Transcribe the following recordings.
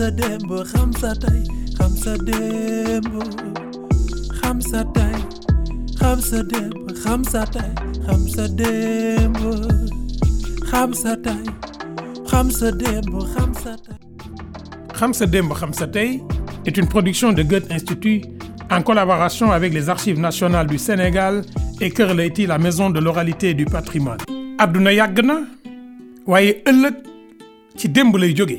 sa xam sa tey xam sa tey une production de Goethe Institut en collaboration avec les Archives nationales du Sénégal et Kër Leyti la maison de l'oralité et du patrimoine. àdduna yàgg na waaye ëllëg ci démb lay jóge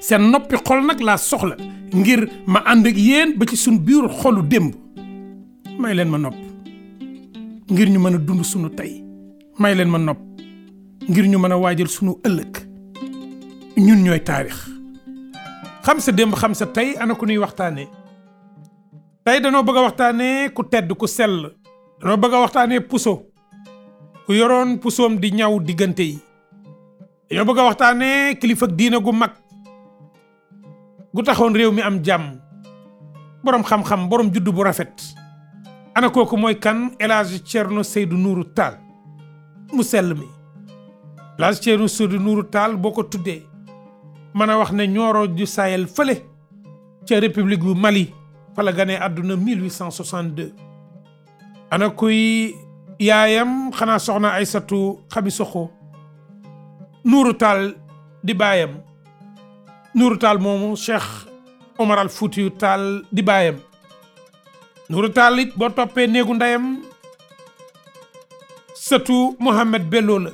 seen noppi xol nag laa soxla ngir ma ànd ak yéen ba ci suñ biir xolu démb may leen ma nopp ngir ñu mën a dund sunu tey may leen ma nopp ngir ñu mën a waajal sunu ëllëg ñun ñooy taarix xam sa démb xam sa tey ana ku nuy waxtaane tey danoo bëgg a waxtaanee ku tedd ku sell danoo bëgg a waxtaanee puso ku yoroon pusoom di ñaw diggante yi dañoo bëgg a waxtaanee kilifa diina gu mag gu taxoon réew mi am jàmm boroom xam-xam borom juddu bu rafet ana kooku mooy kan El Hadj Thierno Seydou Nourou Tall mu sell mi El Hadj Thierno Seydou Nourou Tall boo ko tuddee mën a wax ne Nioro du Sahel fële ca république bu Mali fa la ganee àdduna 1862 ana kuy yaayam xanaa soxna Aysatu Xami Soxo Nourou Tall di baayam Nuuru Taal moomu Cheikh Omar al Taal di baayam Nuuru Taal it boo toppee néegu ndeyam sëtu Mohamed Bello la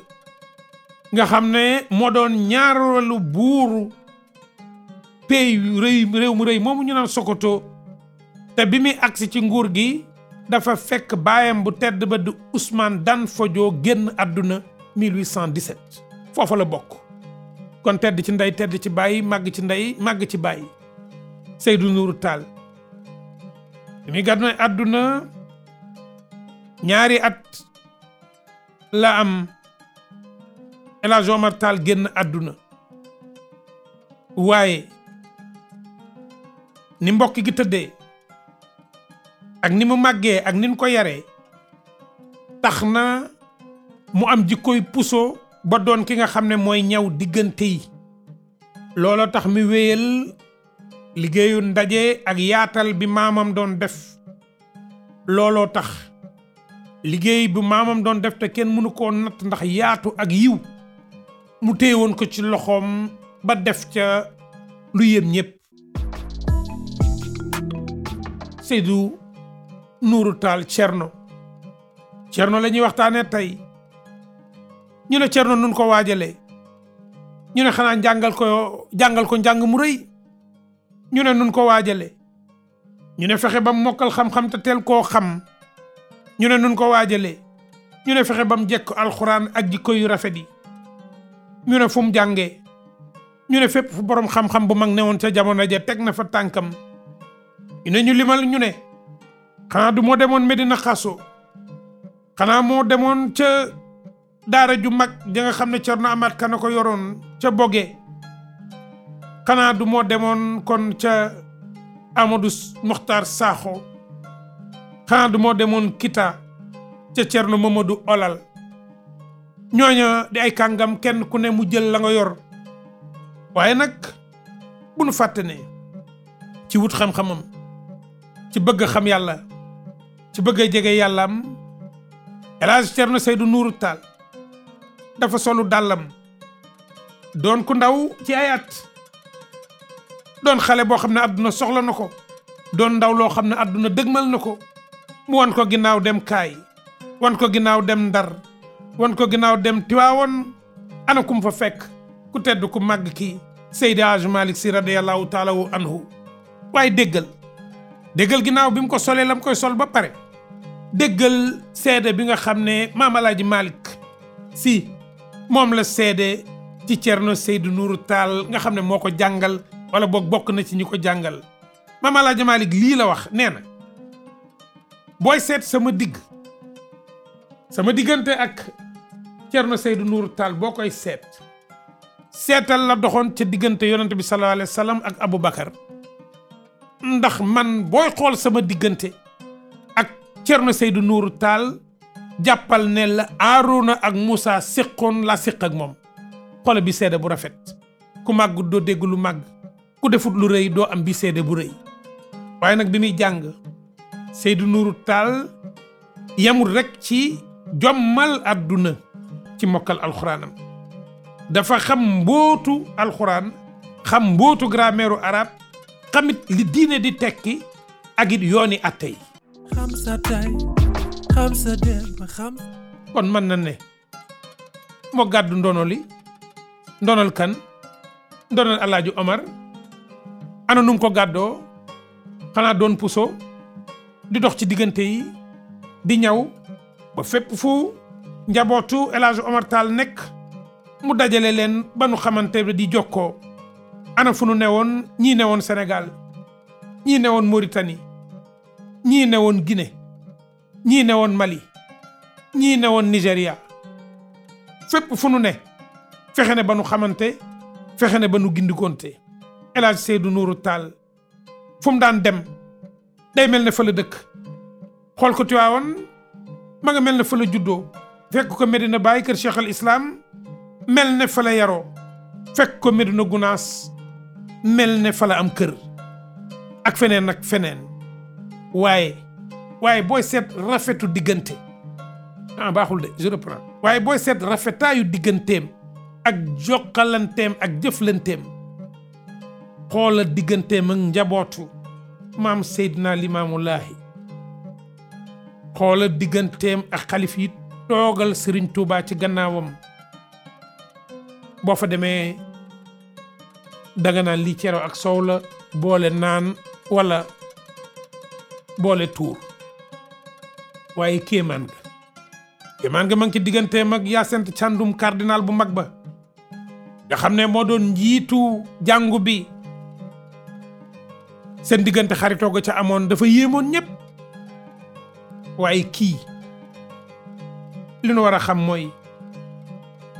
nga xam ne moo doon ñaareelu buuru pays réew mu rëy moomu ñu naan Sokoto te bi muy agsi ci nguur gi dafa fekk baayam bu tedd ba di Ousmane Dan Fodio génn àdduna 1817 foofa la bokk. kon tedd ci ndey tedd ci bàyyi màgg ci ndey màgg ci bàyyi Seydou Nourou Tall mi gàddu àdduna ñaari at la am El Hadj génn àdduna waaye ni mbokk gi tëddee ak ni mu màggee ak ni ko yaree tax na mu am jikkoy puso ba doon ki nga xam ne mooy ñaw diggante yi looloo tax mi wéyal liggéeyu ndaje ak yaatal bi maamam doon def looloo tax liggéey bi maamam doon def te kenn mënu koo natt ndax yaatu ak yiw mu téye woon ko ci loxoom ba def ca lu yem ñépp Seydou Nourou Tall Thierno Thierno la waxtaanee tey ñu ne Thierno nun ko waajalee ñu ne xanaa jàngal ko jàngal ko njàng mu rëy ñu ne nun ko waajalee ñu ne fexe ba mu mokkal xam-xam te teel koo xam ñu ne nun ko waajalee ñu ne fexe ba mu jekk alxuraan ak jikko yu rafet yi ñu ne fu mu jàngee ñu ne fépp fu borom xam-xam bu mag newoon ca jamono ja teg na fa tànkam ñu ne ñu limal ñu ne xanaa du moo demoon Medina Xaso xanaa moo demoon ca. daara ju mag ja nga xam ne Cerno Amaat Ka na ko yoroon ca Boge xanaa du moo demoon kon ca Amadou Mokhtar Sakho xanaa du moo demoon Kita ca Cerno Mamadou Olal ñooña di ay kàngam kenn ku ne mu jël la nga yor waaye nag bu nu fàtte ne ci wut xam-xamam ci bëgg xam yàlla ci bëgg a jege yàllaam El Hadj Thierno Seydou Nourou Tall dafa solu dàllam doon ku ndaw ci ay doon xale boo xam ne àdduna soxla na ko doon ndaw loo xam ne àdduna dëgmal na ko mu wan ko ginnaaw dem kaay wan ko ginnaaw dem ndar wan ko ginnaaw dem tiwaawoon ana kum fa fekk ku tedd ku màgg ki Seydi Hadj Malick Sy radiyallahu taala anhu waaye déggal déggal ginnaaw bi mu ko solee la koy sol ba pare déggal seede bi nga xam ne maam Alaaji Malick moom la seede ci na Seydou nuru taal nga xam ne moo ko jàngal wala boog bokk na ci ñi ko jàngal Maam Alaaji Malik lii la wax nee na booy seet sama digg sama diggante ak Thierno Seydou Nourou taal boo koy seet seetal la doxoon ca diggante yonante bi sallallahu alayhi wa sallam ak Aboubacar ndax man booy xool sama diggante ak Thierno Seydou Nourou Tall jàppal ne la Aaruna ak muusa séqoon la séq ak moom xol bi seede bu rafet ku màgg doo dégg lu màgg ku defut lu rëy doo am bi seede bu rëy waaye nag bi muy jàng Seydou Nourou Tall yamul rekk ci jommal àdduna ci mokkal alxuraanam dafa xam mbootu alxuraan xam mbootu grammaire arab xamit li diine di tekki ak yooni atte xam kon mën na ne moo gàddu ndono li ndonal kan ndonal El Omar ana nu ko gàddoo xanaa doon puso di dox ci diggante yi di ñaw ba fépp fu njabootu El Omar Tall nekk mu dajale leen ba nu xamante di jokkoo ana fu nu newoon ñii newoon Sénégal ñii newoon Mauritanie ñii newoon gine ñii ne woon Mali ñii ne woon Nigéria fépp fu nu ne fexe ne ba nu xamante fexe ne ba nu gindikonte El seedu Seydou Nourou Tall mu daan dem day mel ne fa dëkk xool ko Tiwaawan ma nga mel ne fa la juddoo fekk ko Medina Baye kër Cheikh al mel ne fa la yaroo fekk ko Medina Gunaas mel ne fa am kër ak feneen ak feneen waaye waaye booy seet rafetu diggante ah waaye booy seet rafetaayu digganteem ak jokkalanteem ak jëflanteem xoola digganteem ak njabootu maam Seydina Limaamullaahi xoola digganteem ak xalif yi toogal Serigne tuubaa ci gannaawam boo fa demee danga naan lii cere ak soow la boole naan walla boole tuur waaye kéemaan ga kéemaan ga ma ngi ci digganteem ak Hyacinthe Thiandoum cardinal bu mag ba nga xam ne moo doon njiitu jàngu bi seen diggante xaritoo ga ca amoon dafa yéemoon ñëpp waaye kii li nu war a xam mooy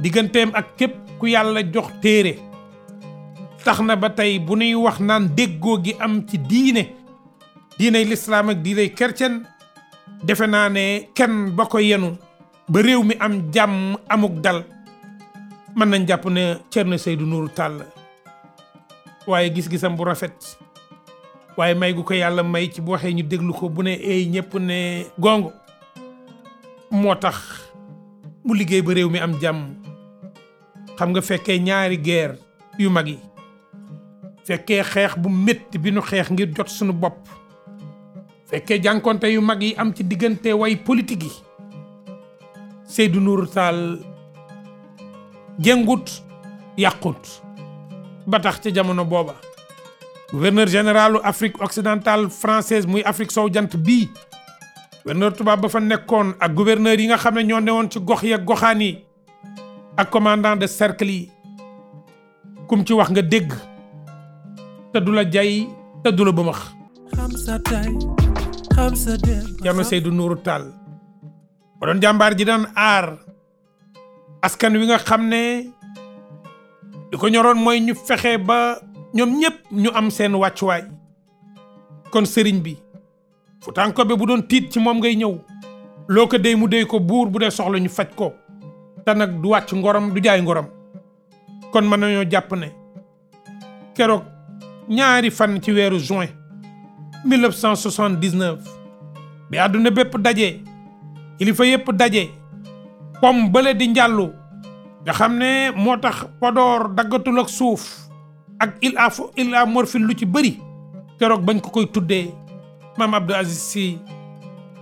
digganteem ak képp ku yàlla jox téere tax na ba tey bu nuy wax naan déggoo gi am ci diine diiney lislaam ak diiney kercen defe naa ne kenn ba ko yenu ba réew mi am jàmm amuk dal mën nañ jàpp ne Thierno Seydou Nourou tàll waaye gis-gisam bu rafet waaye may gu ko yàlla may ci bu waxee ñu déglu ko bu ne eey ñëpp ne gongo moo tax mu liggéey ba réew mi am jàmm xam nga fekkee ñaari guerre yu mag yi fekkee xeex bu métti bi nu xeex ngir jot sunu bopp fekkee jànkonte yu mag yi am ci diggante way politique yi du Nourou Tall jëngut yàqut ba tax ci jamono booba gouverneur généralu Afrique occidentale française muy Afrique sow jant bi gouverneur tubaab ba fa nekkoon ak gouverneur yi nga xam ne ñoo newoon ci gox ya goxaan yi ak commandant de cercle yi kum ci wax nga dégg te du la jay te du la bëmax. Jama Seydou Nourou Tall ba doon jàmbaar ji daan aar askan wi nga xam ne li ko ñoroon mooy ñu fexe ba ñoom ñépp ñu am seen wàccuwaay kon sëriñ bi Futanko bi bu doon tiit ci moom ngay ñëw looko ko dey mu dey ko buur bu dee soxla ñu faj ko te nag du wàcc ngorom du jaay ngorom kon mën nañoo jàpp ne keroog ñaari fan ci weeru juin 1979 bi àdduna bépp daje kilifa yépp daje comme bële di njàllu nga xam ne moo tax podoor daggatuloog suuf ak il a il a morphine lu ci bëri keroog bañ ko koy tuddee maam Abdou Aziz Sy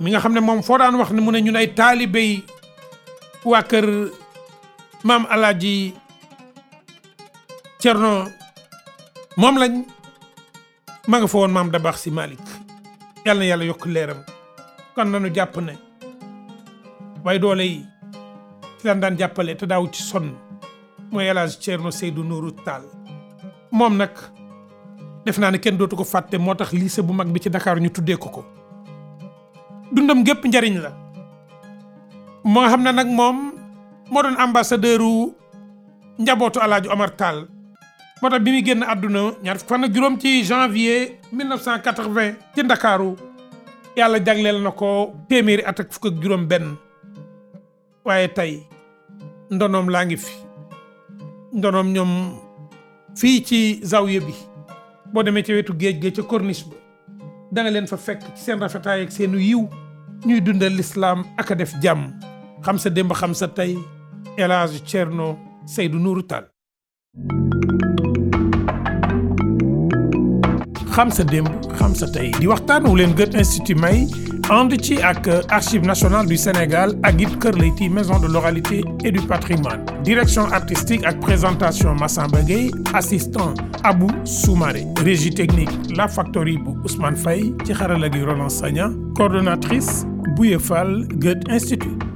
mi nga xam ne moom foo daan wax ne mu ne ñun ay taalibe yi waa kër maam Alaaji Cerno moom lañ ma nga fa woon maam Dabax si Malick yàlla na yàlla yokk leeram kon nanu jàpp ne waaye doole yi ci lan daan jàppale te daaw ci sonn mooy El Hadj Thierno Seydou Nourou Tall moom nag def naa ne kenn dootu ko fàtte moo tax lycée bu mag bi ci Dakar ñu tuddee ko ko dundam gépp njariñ la moo xam ne nag moom moo doon ambassadeur u njabootu El Hadj Omar moo tax bi muy génn àdduna ñaar fan juróom ci janvier 1980 ci ndakaaru yàlla jagleel na ko téeméeri at ak fukk ak juróom benn waaye tey ndonoom laa ngi fi ndonoom ñoom fii ci sawye bi boo demee ca wetu géej ga ca corniche ba da leen fa fekk ci seen rafetaay seenu yiw ñuy dundal lislaam ak def jàmm xam sa démb xam sa tey El Hadj Thierno Seydou xam sa démb xam sa tey di waxtaan wu leen Goethe Institut may ànd ci ak Archives nationales du Sénégal ak it Kër Leyti maison de l'oralité et du patrimoine direction artistique ak présentation Massamba Gueye assistant Abou Soumaré régie technique La Factory bu Ousmane fay ci xarala gi Roland Sagna coordonnatrice Bouye Fall Goethe Institut